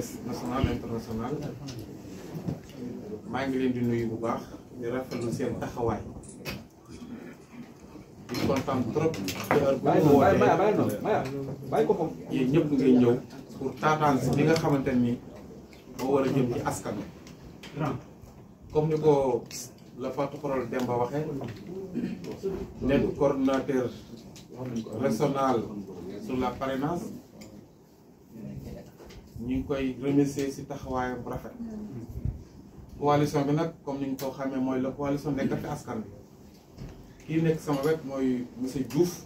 presse nationale internationale maa ngi leen di nuyu bu baax di rafetlu seen taxawaay di kontaan trop heure bu ñu wootee yéen ñëpp ngay ñëw pour taataan si li nga xamante ni moo war a jëm ci askan comme ni ko la porte-parole Demba waxee nekk coordonnateur régional sur la parrainage ñu ngi koy remercier ci taxawaayam bu rafet. Mm-hmm. coalition bi nag comme ni nga ko xamee mooy la coalition nekk fi askan bi kii nekk sama wet mooy monsieur Diouf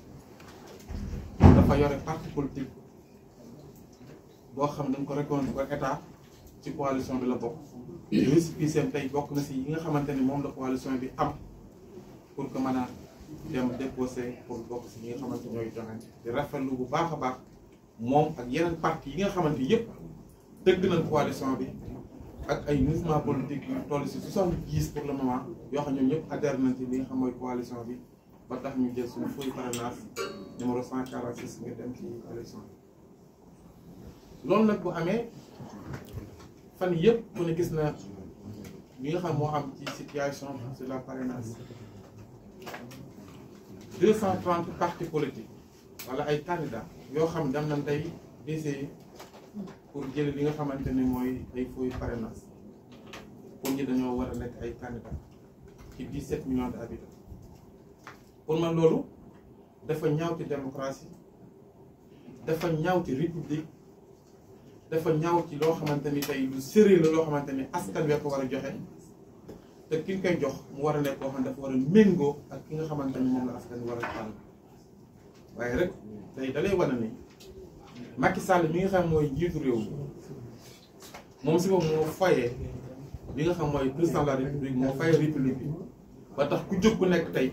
dafa yore parti politique boo xam ne dañ ko reconnu ko état ci coalition bi la bokk récépissé tey bokk na si yi nga xamante ni moom la coalition bi am pour que mën a dem déposé pour bokk si ñi nga xamante ñooy joxe di rafetlu bu baax a baax moom ak yeneen parti yi nga xamante yëpp dëgg nañ coalition bi ak ay mouvement politique yu toll si soixante-dix pour le moment yoo xam ñoom ñëpp adhéré nañ ci li nga xam mooy coalition bi ba tax ñu jël suñu feuille parrainage nga loolu nag bu amee fan yëpp ku ne gis na nga xam moo am ci situation sur la parrainage deux cent trente partis ay candidats yoo xam dam nañ tey essayer pour jële li nga xamante ne mooy ay fooy parrainage pour ñi dañoo war a nekk ay candidat ci 17 millions d'habitants pour man loolu dafa ñaaw ci démocratie dafa ñaaw ci république dafa ñaaw ci loo xamante ni tey lu sérieux la loo xamante ni askan wee ko war a joxe te ki mu war a nekk koo méngoo ak ki nga xamante ni moom la askan war a tànn waaye rek tey da lay wane ni Macky Sall mi nga xam mooy jiitu réew mi moom si boobu moo fayee bi nga xam mooy président de la république moo fayee république bi ba tax ku jóg ku nekk tey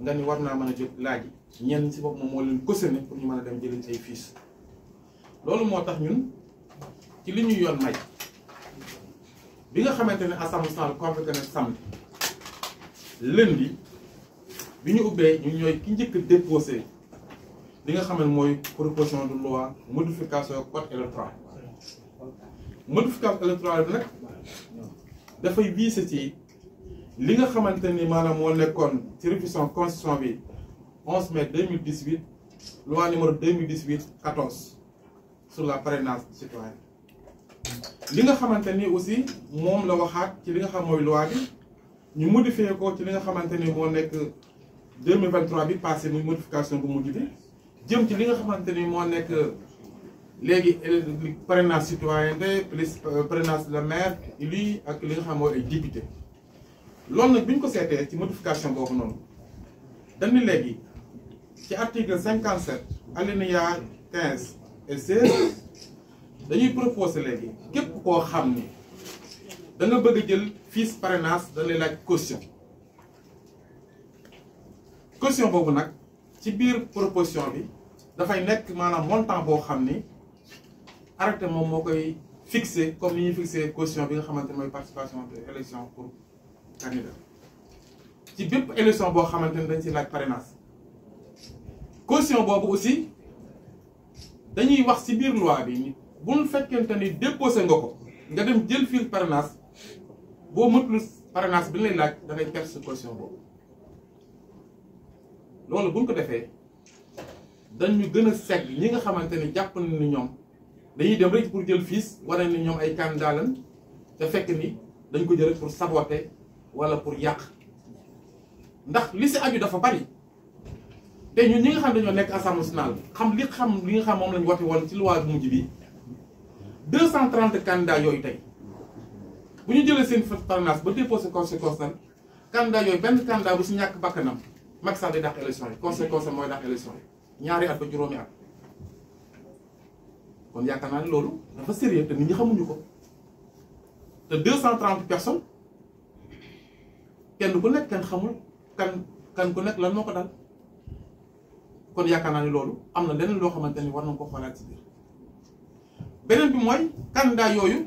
nga ni war naa mën a jóg laaj yi ñenn si bopp moom moo leen cautionné pour ñu mën a dem jëliñ say fiches loolu moo tax ñun ci li ñu yoon may bi nga xamante ne assemblée nationale convoqué na samedi lundi bi ñu ubbee ñu ñooy ki njëkk déposé li nga xam mooy proposition de loi modification code électoral modification électorale bi nag dafay viser li nga xamante ni maanaam moo nekkoon ci mille constitution bi 11 mai 2018 loi numéro 2018 14 sur la parrainage citoyenne li nga xamante ni aussi moom la waxaat ci li nga xam mooy loi bi ñu modifier ko ci li nga xamante ni moo nekk 2023 bi passé muy modification bu mujj bi jëm ci li nga xamante ni moo nekk léegi parrainage citoyenneté plus euh, parrainage la maire élu ak li nga xam mooy député loolu nag bi ñu ko seetee ci modification boobu noonu dañu léegi ci article cinquante sept alinéa quinze et dañuy proposé léegi képp ko xam ni da bëgg a jël fiche parrainage da lay ak caution caution boobu nag ci biir proposition bi dafay nekk maanaam montant boo xam ni arrêté moom moo koy fixé comme ni ñuy fixé caution bi nga xamante ne mooy participation de élection pour candidat ci bépp élection boo xamante ne dañ ci laaj parrainage caution boobu aussi dañuy wax ci biir loi bi buñ fekkente ni déposé nga ko nga dem jël fiil parrainage boo mëtul parrainage bi lay laaj da ngay perte boobu loolu buñ ko defee dañ ñu gën a segg ñi nga xamante ne jàpp na ñoom dañuy dem rek pour jël fiis wane ni ñoom ay candidat lañ te fekk ni dañ ko jël pour saboter wala pour yàq ndax li si aju dafa bari te ñun ñi nga xam dañoo nekk assemblée nationale xam li xam li nga xam moom wax wati woon ci loi bu mujj bi deux cent trente candidats yooyu tey bu ñu jëlee seen parrainage ba déposé conséquence nag candidat yooyu benn candidat bu si ñàkk bakkanam Macky Sall day dàq élection yi conséquence mooy yi ñaari at ba juróomi at kon yaakaar naa ne loolu dafa sérieux te nit ñi xamuñu ko te deux cent trente personnes kenn ku nekk kenn xamul kan kan ku nekk lan moo ko dal kon yaakaar naa ne loolu am na leneen loo xamante ni war nañ ko xoolaat si biir beneen bi mooy candidat yooyu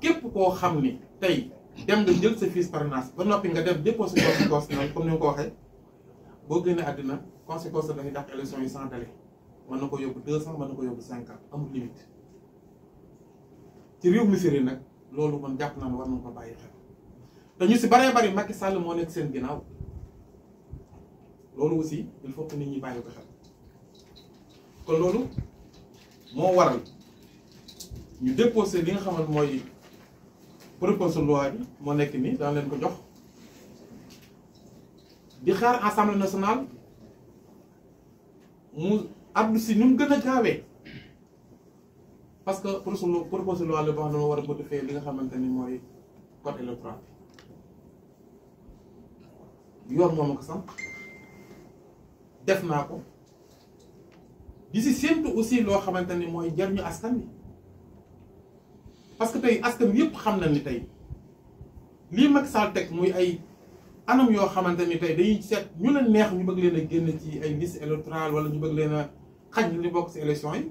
képp koo xam ni tey dem nga jël sa fiche parrainage ba noppi nga dem déposé ko si comme ni nga ko waxee boo génnee àddina conséquence dafay dàq élection yi sans délai mën na ko yóbbu deux cent mën na ko yóbbu cinquante amul limite ci réew mi Serigne nag loolu man jàpp naa ne war nañu ko bàyyi xel te ñu si baree bari Macky Sall moo nekk seen ginnaaw loolu aussi il faut que nit ñi bàyyi ko xel kon loolu moo waral ñu déposé li nga xamante mooy proposition bi moo nekk nii daal leen ko jox. di xaar assemblée nationale mu addu si ni mu gën a gaawee parce que pour suñu proposé loi la boo war a modifier li nga xamante ni mooy code électoral bi yoon moom ko sam def naa ko di si séntu aussi loo xamante ni mooy njariñu askan bi parce que tey askan yëpp xam na ni tey lii mag Sall teg muy ay anam yoo xamante ni tey dañuy seet ñu leen neex ñu bëgg leen a génn ci ay liste électorale wala ñu bëgg leen a xaj li bokk ci élection yi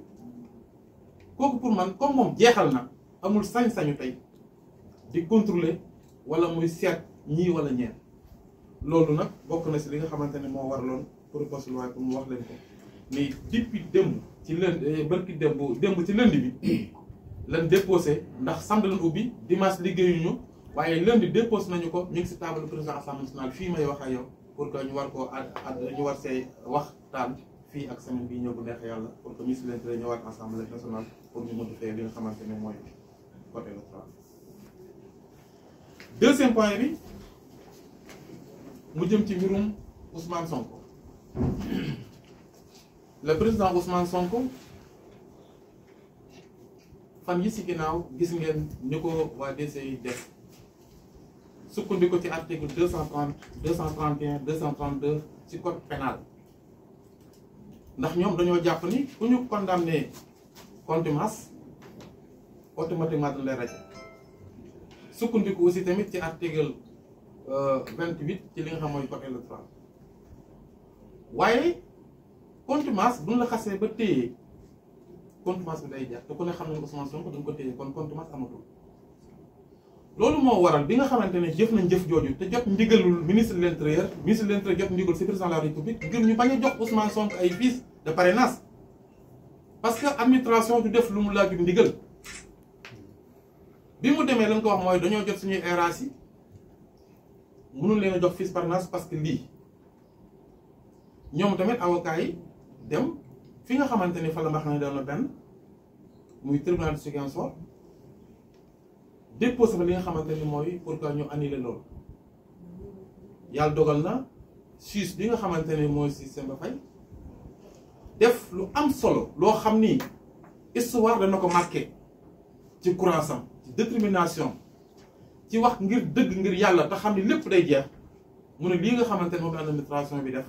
kooku pour man comme moom jeexal na amul sañ-sañu tey di contrôler wala muy seet ñii wala ñeen loolu nag bokk na si li nga xamante ne moo waraloon proposition loi pour mu wax leen ko mais depuis démb ci lënd eh, bërki démb ci lënd bi lan déposé ndax samedi lan ubbi dimanche liggéeyuñu waaye lundi dépose nañu ko ñu ngi si table président assemblée nationale fii may wax ak yow pour que ñu war koo ad ñu war see waxtaan fii ak semaine bii ñëw bu neexee yàlla pour que ministre de l'Intérieur ñëwaat assemblée nationale pour ñu modifier li nga xamante ne mooy côté électoral. deuxième point bi mu jëm ci mbirum Ousmane Sonko le président Ousmane Sonko. fan yi si ginnaaw gis ngeen ni ko waa DCI def sukkandiku ci article deux cent trente deux cent trente et un deux cent trente deux ci code pénal ndax ñoom dañoo jàpp ni ku ñu condamné contumace automatiquement dañ lay rajo sukkandiku aussi tamit ci article euh, vingt huit ci li nga xam mooy code électoral waaye contumace buñ la xasee ba téye contumace bi day jeex te ku ne xam nañ Ousmane Sonko dañ ko téye kon contumace amatul. loolu moo waral bi nga xamante ne jëf nañ jëf jooju te jot ndigalul ministre de l'intérieur ministre de l'intérieur jot ndigal ci président de la république ngir ñu bañ a jox Ousmane Sonko ay fiches de parce que administration du def lu mu laajul ndigal bi mu demee lañ ko wax mooy dañoo jot suñuy erreurs yi mënul leen a jox fiche parrainage parce que lii ñoom tamit avocats dem fi nga xamante ne fa la mbax na doon benn muy tribunal de Ziguinchor déposé fa li nga xamante ni mooy pour que ñu annuler loolu yàlla dogal na suisse bi nga xamante ne mooy si Samba Faye def lu am solo loo xam ni histoire dana ko marqué ci courage am ci détermination ci wax ngir dëgg ngir yàlla te xam ni lépp day jeex mu ne lii nga xamante ne moom a la administration bi def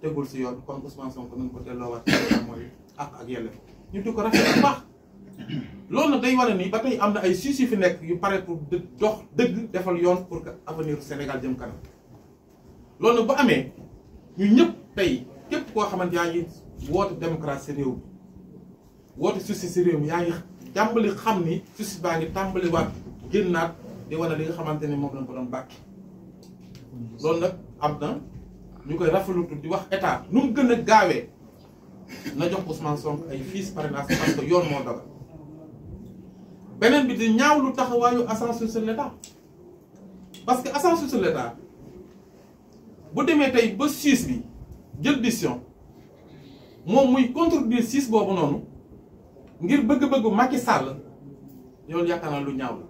tegul si yoon kon Ousmane Sonko nañ ko delloowaat mooy ak ak yelle ñu di ko rafet bu lool nag day wane ni ba tey am na ay siis yu fi nekk yu pare pour dox dëgg defal yoon pour que avenir Sénégal jëm kanam loolu nag bu amee ñu ñëpp tey képp koo xamante yaa ngi woote démocratie si réew mi woote justice si réew mi yaa ngi tàmbali xam ni justice baa ngi tàmbali waat naat di wane li nga xamante ni moom lañ ko doon bàkki loolu nag am na ñu koy rafetlu di wax état lu mu gën a gaawee na jox Ousmane Sonko ay fiches parrainage parce que yoon moo dogal beneen bi di ñaaw lu taxawaayu ascenseur sur l'état parce que ascenseur bu demee tey ba Suisse bi jël décision moom muy contredire Suisse boobu noonu ngir bëgg-bëggu Macky Sall yow yaakaar naa lu ñaaw la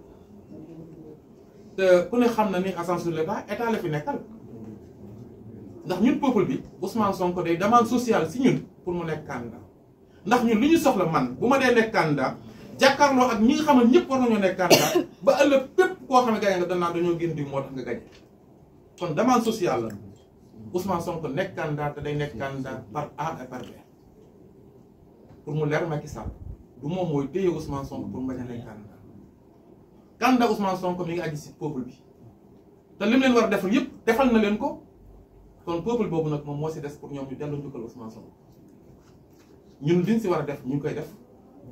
te ku ne xam na ni ascenseur sur l'état état la fi nekkal ndax ñun peuple bi Ousmane Sonko day demande social si ñun pour mu nekk candidat ndax ñun lu ñu soxla man bu ma dee nekk candidat jàkkaarloo ak ñi nga xam ne ñëpp war nañoo nekk candidat ba ëllëg bépp koo xam ne gañe nga danaa dañoo génn diw moo tax nga gañe kon demande sociale la Ousmane Sonko nekk day nekk candidat par A et par mu leer Macky Sall du moom mooy téye Ousmane Sonko pour mu bañ a nekk candidat mi ngi aji si peuple bi te lim leen war a defal yëpp defal na leen ko kon peuple boobu nag moom moo si des pour ñoom ñu dellu njukkal Ousmane Sonko ñun liñ si war a def ñu ngi koy def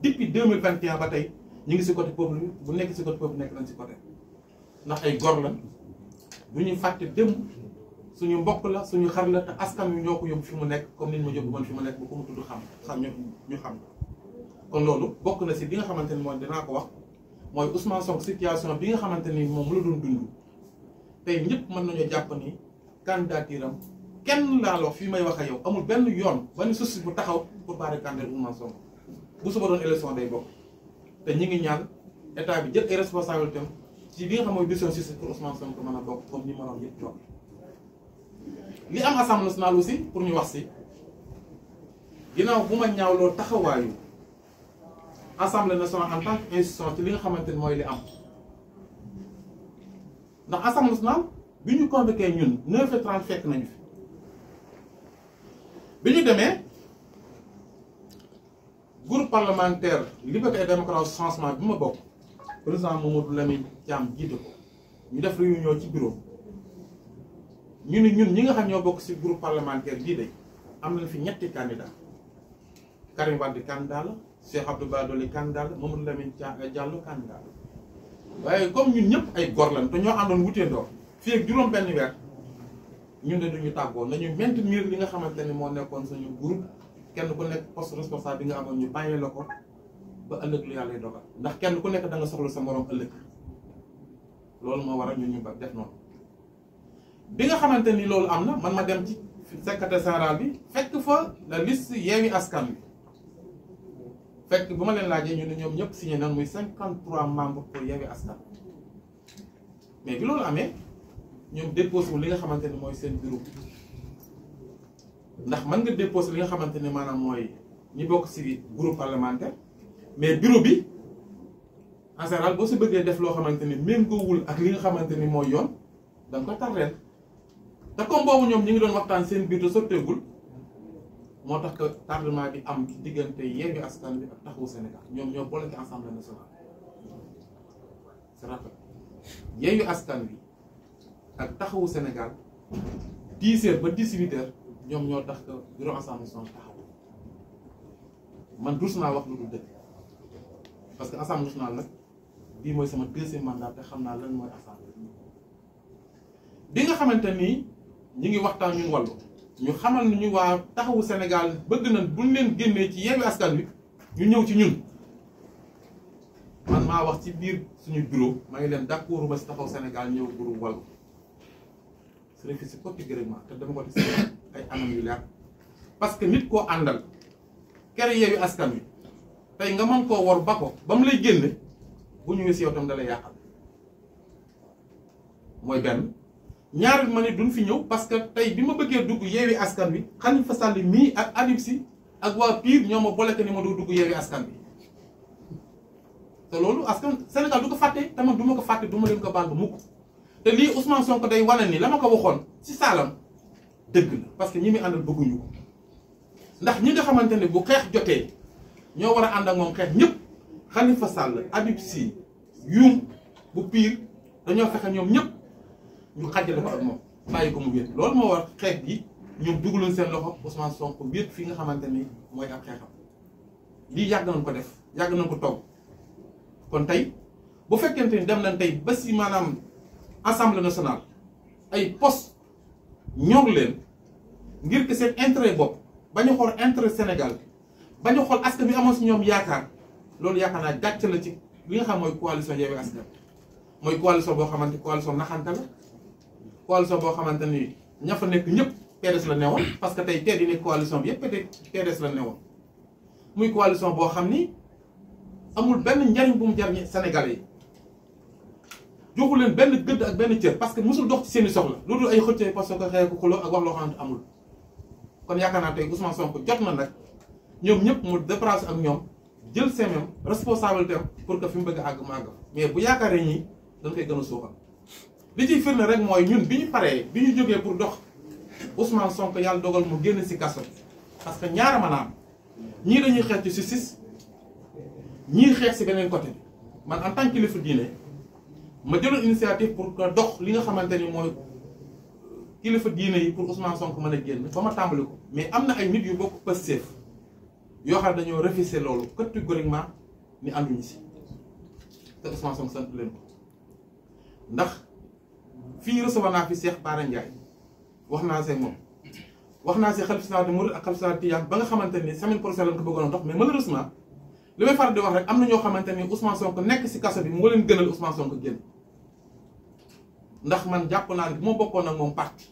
depuis deux mille vingt et ba tey ñu ngi si côté pauvre bi bu nekk si côté pauvre nekk nañ si côté ndax ay gor la du ñu fàtte dem suñu mbokk la suñu xar la te askan wi ñoo ko yóbbu fi mu nekk comme ni ma jóg man fi mu nekk ba ko mu tudd xam xam ñu ñu xam kon loolu bokk na si li nga xamante ni mooy dinaa ko wax mooy Ousmane Sonko bi nga xamante ni moom la doon dund tey ñëpp mën nañu jàpp ni candidature am kenn laa la wax fii may wax ak yow amul benn yoon ba ni suuf bu taxaw pour baare candidat Ousmane Sonko bu suba doon élection day bokk te ñu ngi ñaan état bi jël ay responsabilités am ci li nga xam mooy décision justice pour Ousmane Sonko mën a bokk comme ni ma doon li am assemblée nationale aussi pour ñu wax si ginnaaw bu ma ñaawloo taxawaayu assemblée nationale en tant que institution li nga xamante ni mooy li am ndax assemblée bi ñu convoqué ñun 9h30 fekk nañu fi bi ñu demee. groupe parlementaire liberté et démocratie changement bi ma bokk président Mamadou Lamine Thiam jiite ko ñu def réunion ci juróom ñu ni ñun ñi nga xam ñoo bokk si groupe parlementaire bii de am nañ fi ñetti candidat Karim Wade candidat la Cheikh Abdou Bara Dolly candidat la Mamadou Lamine euh, Diallo candidat la waaye comme ñun ñëpp ay góor lañ te ñoo àndoon wutee ndox fii ak juróom benn weer ñu de duñu tàggoo nañu maintenir li nga xamante ni moo nekkoon suñu groupe kenn ku nekk poste responsable bi nga amoon ñu bàyyee la ko ba ëllëg lu yàlla dogal ndax kenn ku nekk danga soxla sa moroom ëllëg loolu moo waral ñun ñu ba def noonu bi nga xamante ni loolu am na man ma dem ci secrétaire général bi fekk fa la liste Yewwi Askan Wi fekk bu ma leen laajee ñu ne ñoom ñëpp signé nan muy cinquante 53 membres pour Yewwi Askan mais bi loolu amee ñoom déposé wu li nga xamante ni mooy seen bureau ndax mën nga déposer li nga xamante ne maanaam mooy ñi bokk ci groupe parlementaire mais bureau bi en général boo si bëggee def loo xamante ni méngoowul ak li nga xamante ni mooy yoon da ko tardeel te comme boobu ñoom ñu ngi doon waxtaan seen biir te sotteegul moo tax que tardement bi am diggante Yewwi Askan bi ak Taxawu Sénégal ñoom ñoo boole ci Assemblée nationale c'est rappel Yewwi Askan Wi ak Taxawu Sénégal dix ba dix-huit ñoom ñoo tax que bureau assemblée nationale taxawu man rus naa wax lu dul dëgg parce que assemblée nationale nag bii mooy sama deuxième mandat te xam naa lan mooy assemblée bi nga xamante ni ñu ngi waxtaan ñun wàllu ñu xamal ni ñu waa taxawu senegal bëgg nañ buñ leen génnee ci yeewi askan bi ñu ñëw ci ñun man maa wax ci biir suñu bureau maa ngi leen d'accord ba si taxaw senegal ñëw bureau wàllu su ne fii si copi gërëm te dama ko di ay anam yu leer parce que nit koo àndal kere yeewi askan wi tay nga mën koo wor ba ko ba mu lay génne bu ñëwee si yow tam dalay yàqal mooy benn ñaar ma ne duñ fi ñëw parce que tey bi ma bëggee dugg yeewi askan wi fa Sall mii ak Habib Sy ak waa Pire ñoo ma boleke ni ma doo dugg yeewi askan bi te loolu askan Sénégal du ko fàtte te du ma ko fàtte du ma leen ko baal ba mukk te lii Ousmane Sonko day wane ni la ma ko waxoon ci saalam dëgg la parce que ñi muy àndal bëgguñu ko ndax ñi nga xamante ne bu xeex jotee ñoo war a ànd ak moom xeex ñëpp Khalifa Sall Habib Sy Youm bu Pire dañoo fexe ñoom ñëpp ñu xàjjale ko ak moom bàyyi ko mu wéet loolu moo war xeex gi ñoom dugaloon seen loxo Ousmane Sonko wéet fii nga xamante ne mooy ab xeexam lii yàgg nañ ko def yàgg nañ ko toog kon tey bu fekkente ni dem nañ tey ba si maanaam assemblée nationale ay post ñor leen ngir que seen intérêt bopp bañu xool intere Sénégal bi bañu xool askan bi amoon si ñoom yaakaar loolu yaakaar naa gàcc la ci li nga xam mooy coalition Yewwi Askan mooy coalition boo xamante coalition naxante la coalition boo xamante ni ña fa nekk ñëpp PDS la newoon parce que tey tey yi ne coalition bi yëpp PDS la newoon muy coalition boo xam ni amul benn njariñ bu mu jar sénégal yi joxu leen benn gëdd ak benn cër parce que mosul dox ci seen i soxla lu dul ay xëccee parce que xeex ko xuloo ak wax loo xamante amul kon yaakaar naa tey Ousmane Sonko jot na nag ñoom ñëpp mu déplacé ak ñoom jël seen même responsabilité am pour que fi mu bëgg a àgg mu mais bu yaakaaree ñi dañ koy gën a suuxal li ciy firnde rek mooy ñun bi ñu paree bi ñu jógee pour dox Ousmane Sonko yàlla dogal mu génn si kaso parce que ñaara maanaam ñii dañuy xeex ci justice ñii xeex si beneen côté bi man en tant que kilifa diine ma jëloon initiative pour que dox li nga xamante ni mooy kilifa diine yi pour Ousmane Sonko mën a génn ba ma tàmbali ko mais am na ay nit bokk Pastef yoo xam dañoo refuser loolu catégoriquement ni ànduñu si te ndax fii recevoir naa fi Cheikh Bara Ndiaye wax naa moom a dox mais na ñoo xamante ni Ousmane Sonko nekk si kaso bi moo leen gënal Ousmane Sonko génn. ndax man jàpp naa ne bu ma bokkoon ak moom parti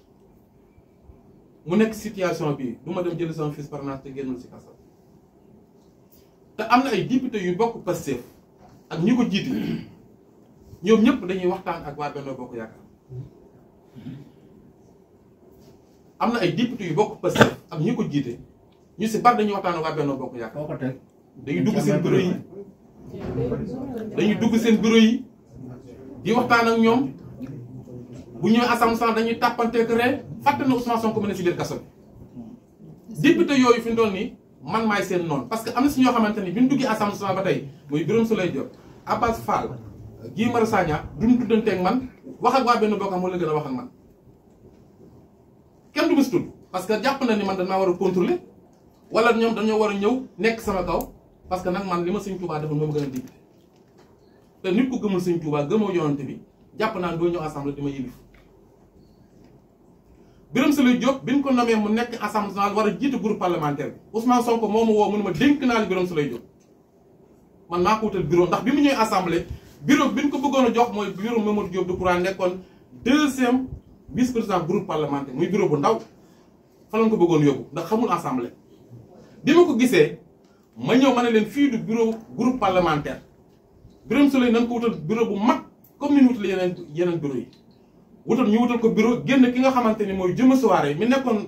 mu nekk situation bi du ma dem jël sama fils parrainage te génnul si kaso te am na ay député yu bokk Pastef ak ñi ko jiite ñoom ñëpp dañuy waxtaan ak waa Bokk Yaakaar am na ay député yu bokk Pastef ak ñi ko jiite ñu si bari dañuy waxtaan ak waa Benno Bokk Yaakaar dañuy dugg seen bureau yi dañuy dugg seen bureau yi di waxtaan ak ñoom bu ñëwee Assemblée nationale dañuy tàppanteeg ree fàtte na Ousmane Sonko mu ne si biir kaso bi député yooyu fi mu doon nii man maay seen noonu parce que am na si ñoo xamante ni bi ñu duggee Assemblée nationale ba tey muy Birame Souleye Diop Abbas Fall Guy Marius Sagna duñ tuddanteeg man wax ak waa benn bokk moo la gën a wax ak man kenn du mus tudd parce que jàpp na ni man dañ war a contrôler wala ñoom dañoo war a ñëw nekk sama kaw parce que nag man li ma sëñ Tuubaa defal moom gën a digg te nit ku gëmul sëñ Tuubaa gëmoo yonante jàpp naa doo ñëw assemblée di ma Birame Souleye Diop bi ñu ko nommé mu nekk assemblée nationale war a jiitu groupe parlementaire bi Ousmane Sonko moo ma woo mu ne ma dénk naa la Birame Souleye Diop man maa ko wutal bureau ndax bi mu ñëwee assemblée bureau bi ñu ko bëggoon a jox mooy bureau Mamadou Diop Decroix nekkoon deuxième vice président groupe parlementaire muy bureau bu ndaw fa lañ ko bëggoon yóbbu ndax xamul assemblée. bi ma ko gisee ma ñëw ma ne leen fii du bureau groupe parlementaire Birame Souleye nañ ko wutal bureau bu mag comme ni ñu wutalee yeneen yeneen bureau yi. wutal ñu wutal ko bureau génn ki nga xamante ni mooy jëma soirée mi nekkoon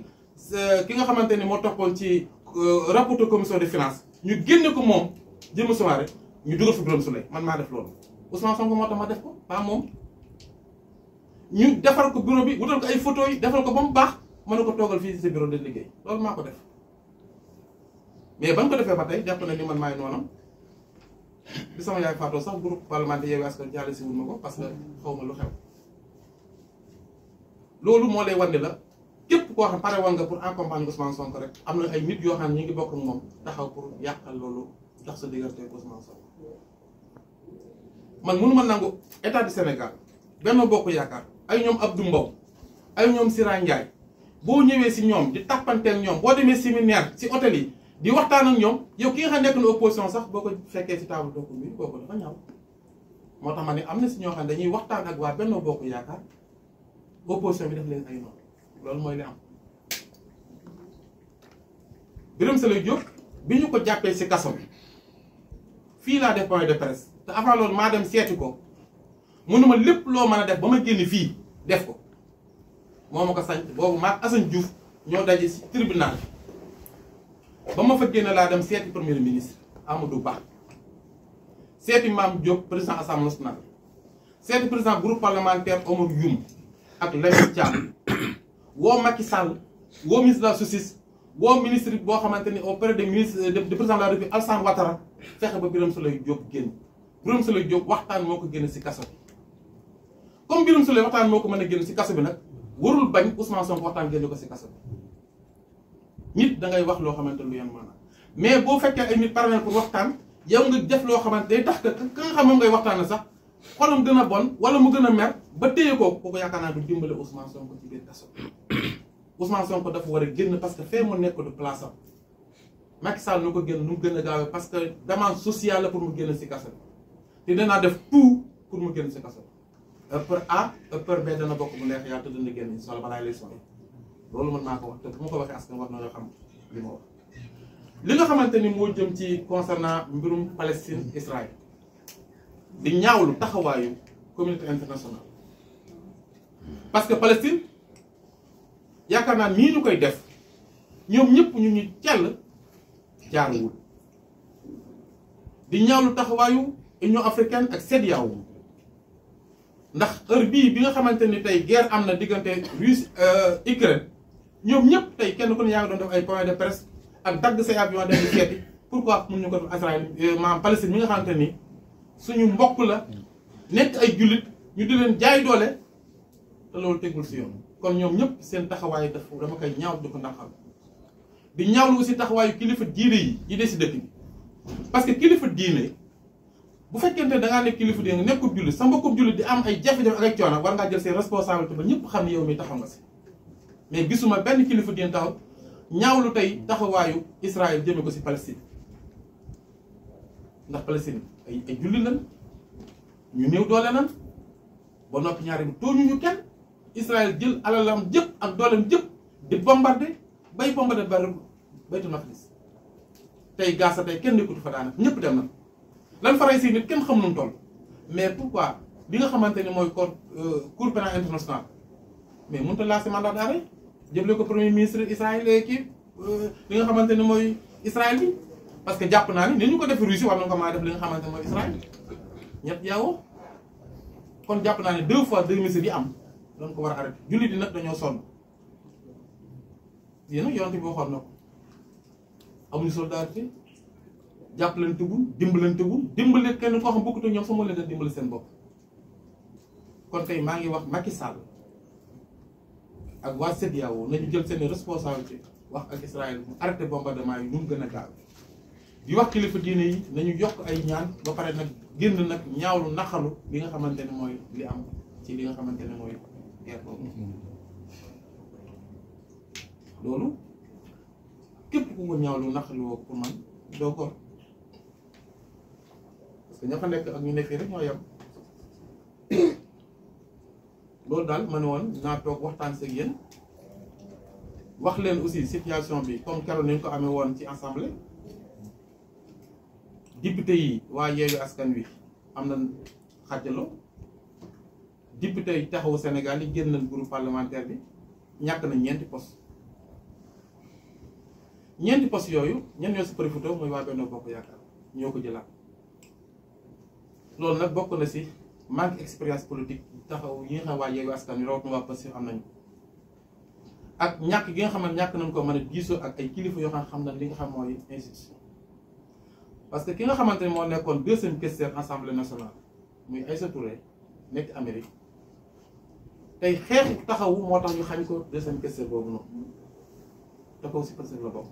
euh, ki nga xamante ni moo toppoon ci euh, rapport commission de finance ñu génn ko moom jëma soirée ñu dugal fi Birame Souleye man maa def loolu Ousmane Sonko moo tax ma def ko pas moom ñu defar ko bureau bi wutal ko ay photos yi defal ko ba mu baax mën na ko toogal fii ci sa bureau de liggéey loolu maa ko def mais ba nga ko defee ba tey jàpp na ni man maay noonam bi sama yaay faatoo sax groupe parlementaire Yewwi Askan si wul ma ko parce que xaw ma lu loolu moo lay wan ne la képp koo xam pare woon nga pour accompagner Ousmane Sonko rek am na ay nit yoo xam ne ñu ngi bokk ak moom taxaw pour yàqal loolu ndax sa diggante ak Ousmane Sonko man mënu nangu état du Sénégal benn bokk yaakaar ay ñoom ab Mbow ay ñoom Sira Ndiaye boo ñëwee si ñoom di tàppanteel ñoom boo demee séminaire si hôtel yi di waxtaan ak ñoom yow ki nga xam nekk na opposition sax boo ko fekkee si taabu doo ko mbir kooku dafa ñaaw moo tax ma ni am na si ñoo xam ne dañuy waxtaan ak waa benn bokk yaakaar. opposition bi def leen ay noonu loolu mooy li am Birame Souleye Diop bi ñu ko jàppee si kaso bi fii laa def point de presse te avant loolu maa dem seeti ko mënuma lépp loo mën a def ba ma génn fii def ko moo ma ko sañ boobu maak Assane Diouf ñoo daje ci tribunal ba ma fa génn laa dem seeti premier ministre Amadou Ba seeti Mame Diop président assemblée nationale seeti président groupe parlementaire Omar Youm ak Lamine Thiam woo Macky Sall woo ministre de la justice woo ministre boo xamante ni auprès des ministres euh, de président de la République Alassane Ouattara fexe ba Birame Souleye Diop génn Birame Souleye Diop waxtaan moo ko génn si kaso bi comme Birame Souleye waxtaan moo ko mën a génn si kaso bi nag warul bañ Ousmane Sonko waxtaan génn ko si kaso bi nit da ngay wax loo xamante lu yan maanaam mais boo fekkee ay nit parvenir pour waxtaan yow nga def loo xamante day tax que ka nga xam moom ngay waxtaan na sax xolam gën a bon wala mu gën a mer ba téye ko kooku yaakaar naa du dimbale Ousmane Sonko ci biir kaso Ousmane Sonko dafa war a génn parce que fee mu nekk du place am Macky Sall nu ko génn lu mu gën a gaawee parce que demande sociale la pour mu génn si kaso te danaa def tout pour mu génn si kaso euh, pour A euh, pour B dana bokk mu neex yaa tëdd na génn incha allah balaa lay sonal loolu mën naa ko wax te bu ma ko waxee askan wax na la xam li ma wax. li nga xamante ni moo jëm ci concernant mbirum Palestine Israël. di ñaaw lu taxawaayu communauté internationale parce que Palestine yaakaar naa nii ñu koy def ñoom ñëpp ñu ñu cell jaaruwul di lu taxawaayu Union africaine ak CEDEAO ndax heure bii bi nga xamante ni tey guerre am na diggante Russie euh, Ukraine ñoom ñëpp tey kenn ku ne yaa ngi doon def ay point de presse ak dagg say avion dem seeti pourquoi mun ñu ko def Israël euh, maanaam Palestine mi nga xamante ni suñu mbokk la nekk ay jullit ñu di leen jaay doole te loolu tegul si yoon kon ñoom ñëpp seen taxawaay daf dama koy ñaaw di ko naqal ñaaw ñaawlu si taxawaayu kilifa diine yi de si dëkk bi parce que kilifa diine bu fekkente ne da ngaa nekk kilifa diine nga nekkub jullit sa mbokkub jullit di am ay jafe-jafe ak coono war ngaa jël seen responsabilité ba ñëpp xam ne yow mi taxaw nga si mais gisuma benn kilifa diine taxaw ñaawlu tey taxawaayu Israël jëme ko si Palestine ndax Palestine ay ay julli nan ñu néew doole nan ba noppi ñaareem tooñu ñu kenn Israël jël alalam jëpp ak dooleem jëpp di bombardé bay bombardé bari baytul maqdis tey Gaza tey kenn nekkutu fa daanaka ñëpp dem na lan faray si nit kenn xam nu mu toll mais pourquoi bi nga xamante ni mooy corps cour euh, pénal international mais mënut a lancé mandat d'arrêt jëmle ko premier ministre Israël kii euh, li nga xamante ni mooy Israël bi. parce que jàpp naa ni ni ñu ko def Russie war nañu ko maa def li nga xamante ne mooy Israël ñett yaawoo kon jàpp naa ne deux fois deux mesures yi am lañ ko war a arrêté jullit yi dañoo sonn yéen a yonent bi waxoon na ko amuñu solidarité jàppalantewul dimbalantewul dimbali kenn koo xam bokkut ñoom sama leen leen seen bopp kon tey maa ngi wax Macky Sall ak waa CEDEAO nañu jël seen responsabilité wax ak Israël mu arrêté bombardement yi nu mu gën a di wax kilifa diine yi nañu yokk ay ñaan ba pare nag génn nag ñaawlu naqalu li nga xamante ne mooy li am ci li nga xamante ne mooy guerre loolu képp ku ko ñaawlu naqalu woo pour man doo ko parce que ña nekk ak ñu nekk rek moo yem loolu daal ma ne woon naa toog waxtaan seeg yéen wax leen aussi situation bi comme keroog nañ ko amee woon ci assemblée. député tey waa Yewwi Askan Wi am na xàjjaloo député yi taxawu Sénégal yi génn nañ groupe parlementaire bi ñàkk nañ ñeenti pos ñeenti poste yooyu ñen ñoo si profité mooy waa Benno Bokk Yaakaar ñoo ko jëlaat loolu nag bokk na si manque expérience politique taxaw yi nga xam waa Yewwi Askan Wi rawatina waa Pastef am nañu ak ñàkk gi nga xam ne ñàkk nañ ko mën a diisoo ak ay kilifa yoo xam xam na li nga xam mooy institution parce que ki nga xamante ne moo nekkoon deuxième questeur assemblée nationale muy Aïssa Touré nekk Amérique tey xeexu taxawu moo tax ñu xañ ko deuxième questeur boobu noonu taxaw si Pastef la bokk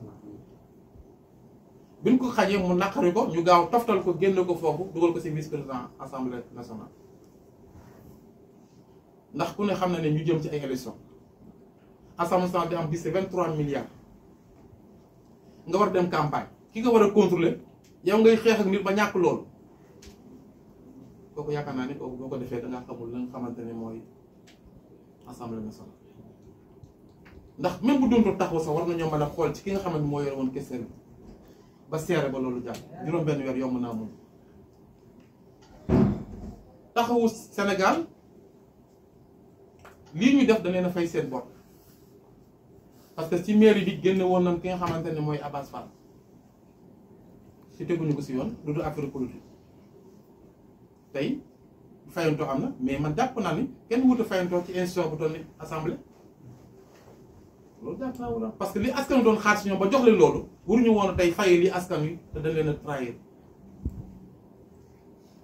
biñ ko xañee mu naqari ko ñu gaaw toftal ko génn ko foofu dugal ko si vice président assemblée nationale ndax ku ne xam na ne ñu jëm ci ay élection assemblée nationale di am bis vingt trois milliards nga war dem campagne ki nga war a contrôler yow ngay xeex ak nit ba ñàkk loolu kooku yaakaar naa ne kooku boo ko defee da nga xamul la nga xamante ne mooy assemblée nationale ndax même bu doon taxaw sax war nañoo mën a xool ci ki nga xamante ni moo ba seere ba loolu jàll juróom-benn weer yomb naa moom taxawu Sénégal lii ñuy def da leen fay seen bor parce que ci mairie bi génne woon nañ ki nga xamante ne mooy Abbas Fall te teguñu ko si yoon lu dul affaire politique tey fayantoo am na mais man dàpp naa ni kenn wut a fayantoo ci institution bu toll ni assemblée parce que li askan doon xaar si ñoom ba jox leen loolu waruñu woon a tey faye li askan wi te dañ leen a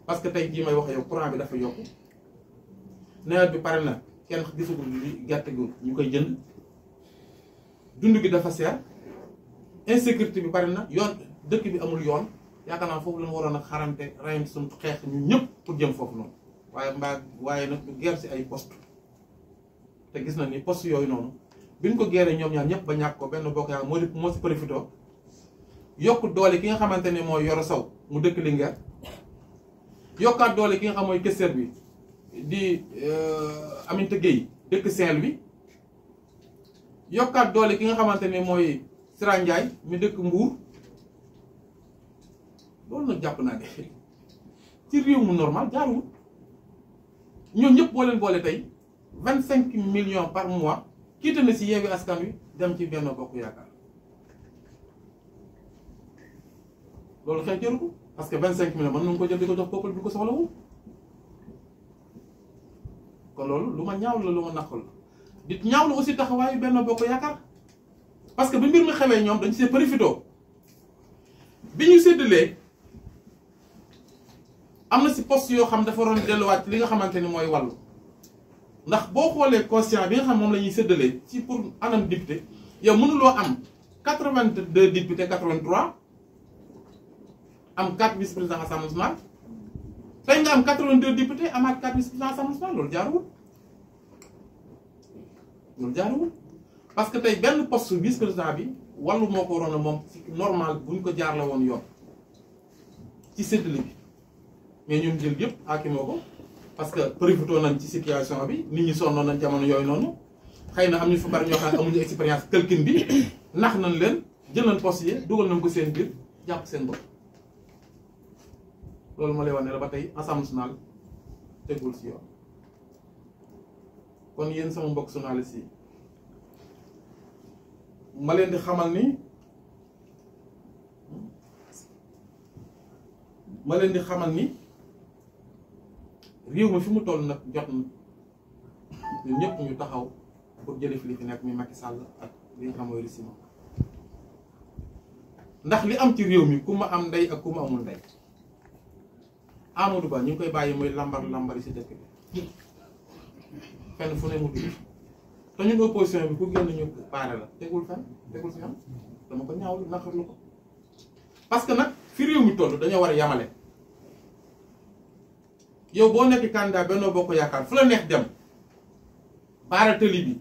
parce que tey jii may wax yow courant bi dafa yokk nawet bi pare na kenn gisagul li gerte gi ñu koy jënd dund gi dafa seer insécurité bi pare na yoon dëkk bi amul yoon yaakaar naa foofu la ñu waroon a xarante rayante suñu xeex ñun ñëpp pour jëm foofu noonu waaye mbaa waaye nag ñu ger si ay poste te gis na ni post yooyu noonu biñ ko geree ñoom ñaar ñëpp ba ñàkk ko benn bokk yaa moo di moo yokk doole ki nga xamante ne mooy Yoro Sow mu dëkk Linguère yokkaat doole ki nga xam mooy kër bi di euh, Aminata Gueye dëkk Saint-Louis yokkaat doole ki nga xamante ne mooy Sira Ndiaye mi dëkk Mbour loolu nag jàpp naa ne ci réew mu normal jaarul ñoom ñëpp boo leen boole tey vingt cinq millions par mois kiite na si yeewi askan wi dem ci benn bokk yaakaar loolu xel jëru ko parce que vingt cinq millions mën nañu ko jël di ko jox peuple bi ko soxlawul kon loolu lu ma ñaaw la lu ma naqal la di ñaaw la aussi taxawaayu benn bokk yaakaar parce que bi mbir mi xewee ñoom dañ see profité bi ñu séddalee am na si post yoo xam dafa waroon delluwaat li nga xamante ni mooy wàllu ndax boo xoolee conscient bi nga xam moom la ñuy séddalee ci pour anam député yow mënuloo am quatre-vingt-deux députés quatre-vingt-trois am quatre vice président assemblée nationale tey nga am quatre-vingt-deux députés amaat quatre vice président assemblée loolu jaaruwul loolu jaaruwul parce que tey benn post vice président bi wàllu moo ko waroon a moom normal bu ñu ko jaarle woon yoon ci séddale bi mais ñun jël yëpp aakimoo ko parce que profité nañ ci situation bi nit ñi sonnoon nañ jamono yooyu noonu xëy na am ñu fa bari ñoo xam ne amuñu expérience tëlkin bi nax nañ leen jël nañ poste yi dugal nañ ko seen biir jàpp seen bopp loolu moo lay wax ne la ba tey Assemblée nationale tegul si kon yéen sama mbokk journaliste yi ma leen di xamal ni ma leen di xamal ni réew mi fi mu toll nag jot na ñun ñu taxaw pour jëlee fi li fi nekk muy Macky ak li nga xam am ci réew mi ku ma am ndey ak ku ma amul ndey Amadou Ba ñu ngi koy bàyyi muy lambar lambar yi si dëkk fenn fu ne mu dugg te ñun opposition bi ku génn ñu baare la tegul fenn tegul fi am dama ko ñaawlu naqarlu ko parce que nag fi réew mi toll dañoo war a yamale. yow boo nekk candidat Benno Bokk Yaakaar fu la neex dem baara tëli bi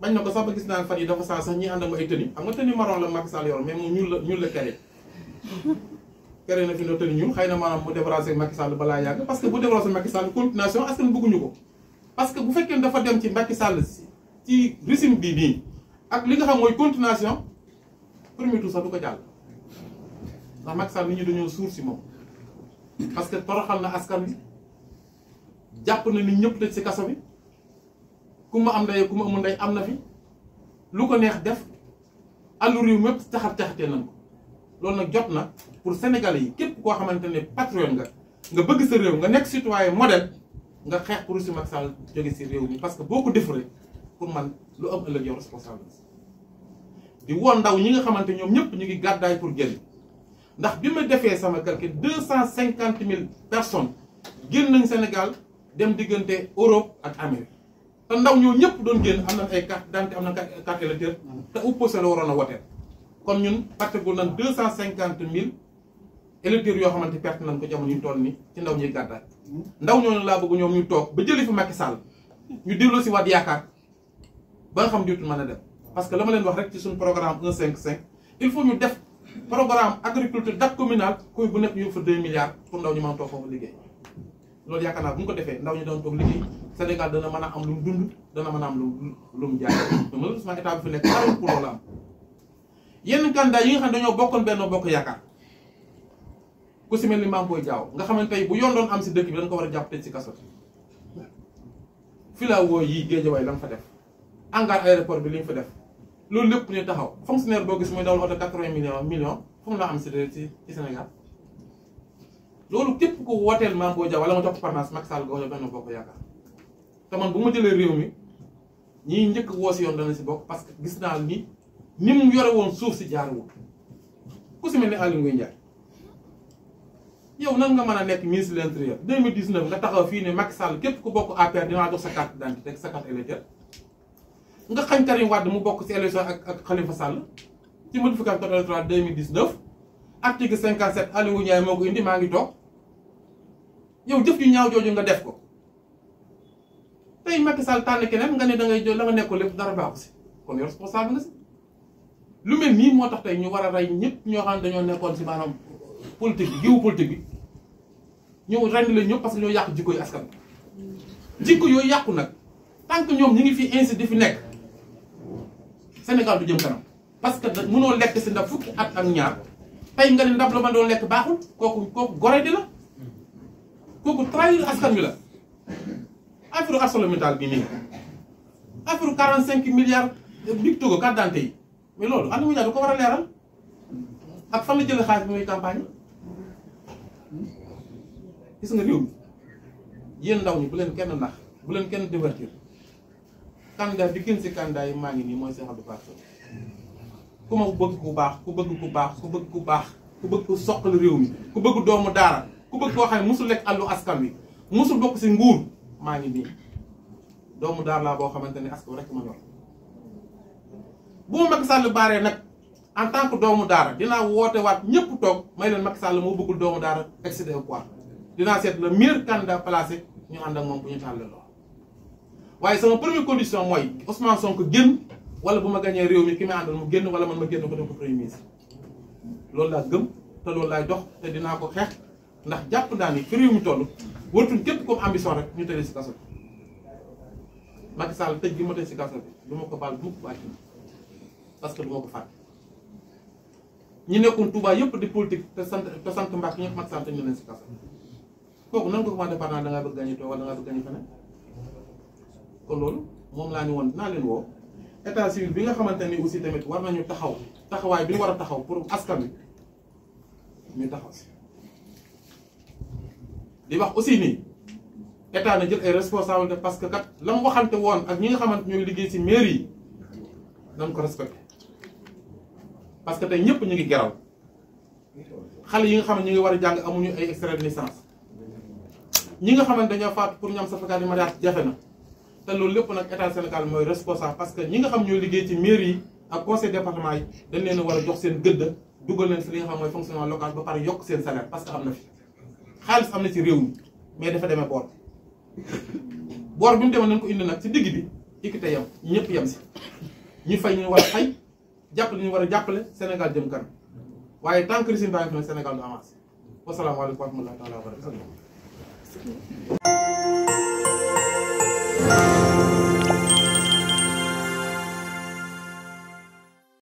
bañ na ko sax ba gis naan fan yi dafa saa sax ñi ànd ak ay tenue xam nga tenue marron la Macky Sall yor mais moom ñuul na fi no tenue ñuul xëy na maanaam mu débarrassé Macky Sall balaa yàgg parce que bu débarrassé Macky Sall continuation askan bëgguñu ko parce que bu fekkee dafa dem ci Macky Sall ci régime bii nii ak li nga xam mooy continuation premier tour sax du ko jàll ndax Macky Sall nit ñi dañoo suur si moom parce que toroxal na askan bi jàpp na ni ñëpp tëj si kaso bi ku ma am ndey ku ma amul ndey am na fi lu ko neex def àllu réew mépp caxat caxatee nañ ko loolu nag jot na pour sénégalais yi képp koo xamante ne patriote nga nga bëgg sa réew nga nekk citoyen model nga xeex pour si Macky Sall jóge si réew mi parce que boo ko defuree pour man lu am ëllëg yow responsabilité di woo ndaw ñi nga xamante ñoom ñëpp ñu ngi gàddaay pour génn ndax bi ma defee sama calcul deux cent cinquante mille personnes génn nañ Sénégal dem diggante Europe ak Amérique te ndaw ñoo ñëpp doon génn am na ay carte d'identité am na carte électeur te opposé la waroon a woteel kon ñun partegul nañ deux cent cinquante mille électeurs yoo xamante perte nañ ko jamono ñu toll ni ci ndaw ñuy gàddaay ndaw ñooñu laa bëgg ñoom ñu toog ba jëlee fi Macky Sall ñu delloo si waat yaakaar ba nga xam diwtul mën a dem parce que la ma leen wax rek ci suñu programme un cinq cinq il faut ñu def programme agriculture dak communal kuy bu nekk ñu fa deux milliards pour ndaw ñu mën a toog loolu yaakaar naa bu ñu ko defee ndaw ñu doon toog liggéey Sénégal dana mën a am lu mu dund dana mën a am lu lu mu jaay te malheureusement état bi fi nekk xaarul pour loolu am yenn candidat yi nga dañoo bokkoon benn bokk yaakaar ku si mel ni Mame Boye Diao nga xamante tey bu yoon doon am si dëkk bi dañ ko war a jàpp tëj si kaso fi laa woo yi Géejawaay la mu fa def hangar aéroport bi li ñu fa def loolu lépp ñu taxaw fonctionnaire boo gis mooy dawal oto quatre-vingts millions millions fu la am si ci Sénégal loolu képp ku wooteel maam boo jaw wala ma jox parrainage Macky Sall goojo benn bokk yaakaar te man bu ma jëlee réew mi ñi njëkk woo si yoon dana si bokk parce que gis naa ni ni mu yore woon suuf si jaarul ku si mel ne Aly Ngouille yow nan nga man a nekk ministre de l'intérieur 2019 nga taxaw fii ne Macky Sall képp ku bokk APR dinaa jox sa carte d'identité ak sa carte électorale nga xañ Karim Wade mu bokk si élection ak ak Khalifa Sall ci modification code électoral 2019 article 57 Aly Ngouille Ndiaye moo ko indi maa ngi toog. yow jëf yu ñaaw jooju nga def ko tey Macky Sall tànn keneen nga ne da ngay jël la lépp dara baaxu si kon yow responsable lu mel nii moo tax tey ñu war a rey ñëpp ñoo xam ne dañoo nekkoon si maanaam politique bi giwu bi ñëw rend ñëpp parce que ñoo yàq jikko yi askan jikko yooyu yàqu nag tant ñoom ñi ngi fi insi di fi nekk Sénégal du jëm kanam parce que mënoo lekk si at ak ñaar tey nga ne ndab ma doon lekk baaxul kooku kooku gore la kooku trahir askan wi la affaire ArcelorMittal bi nii affaire quarante cinq milliards big togo carte yi mais loolu Aliou Ngouille da ko war a leeral ak fan la jëlee xaalis bi muy campagne gis nga réew mi yéen ndaw ñi bu leen kenn ndax bu leen kenn divertir candidat bi gën si candidat maa ngi nii mooy Cheikh Abdou Fatou ku bëgg ku baax ku bëgg ku baax ku bëgg ku baax ku bëgg ku soqal réew mi ku bëgg doomu daara ku bëgg koo xam ne musul lekk àllu askan wi mosul bokk si nguur maa ngi nii doomu daar laa boo xamante ne askan rek ma ñor bu ma Macky Sall baaree nag en tant que doomu daara dinaa woote waat ñëpp toog may leen Macky sàll moo bëggul doomu daara excédé au pouvoir dinaa seet le meilleur candidat placé ñu ànd ak moom bu ñu tàllaloo waaye sama première condition mooy Ousmane Sonko génn wala bu ma gañee réew mi ki may àndal mu génn wala man ma génn ko def ko premier loolu laa gëm te dinaa ko xeex ndax jàpp naa ni fi réew mi toll waratuñ képp comme ambition rek ñu tëjee si kaso bi Macky Sall tëj gi ma tëj si kaso bi du ma ko baal mukk wàcc parce que du ma ko fàtte ñi nekkoon Touba yëpp di politique te sant te sant Mbacke ñëpp Macky Sall tëj na si kaso kooku nan ko waxee par exemple da ngaa bëgg gagné wala da ngaa bëgg gagné feneen kon loolu moom laa ni woon dinaa leen woo état civil bi nga xamante ni aussi tamit war nañu taxaw taxawaay bi ñu war a taxaw pour askan wi ñu taxaw si. di wax aussi nii état na jël ay de parce que kat la mu waxante woon ak ñi nga xamante ñooy liggéey ci mairie yi nañ ko respecté parce que tey ñëpp ñu ngi geraw xale yi nga xam ne ñu ngi war a jàng amuñu ay extrait de licence ñi nga xamante dañoo faatu pour ñu am certificat de mariage jafe na te loolu lépp nag état Sénégal mooy responsable parce que ñi nga xam ñooy liggéey ci mairie ak conseil département yi dañ leen a war a jox seen gëdd dugal leen ci li am na fi. xaalis am na ci réew mi mais dafa demee boor boor bi mu demee nañ ko indi nag ci digg bi ikkite yam ñëpp yem si ñu fay ñu war a fay jàppale ñu war a jàppale Sénégal jëm kanam waaye tant que régime baa ngi fi nag Sénégal du avancé wasalaamaaleykum wa rahmatulah taala wa barakatuh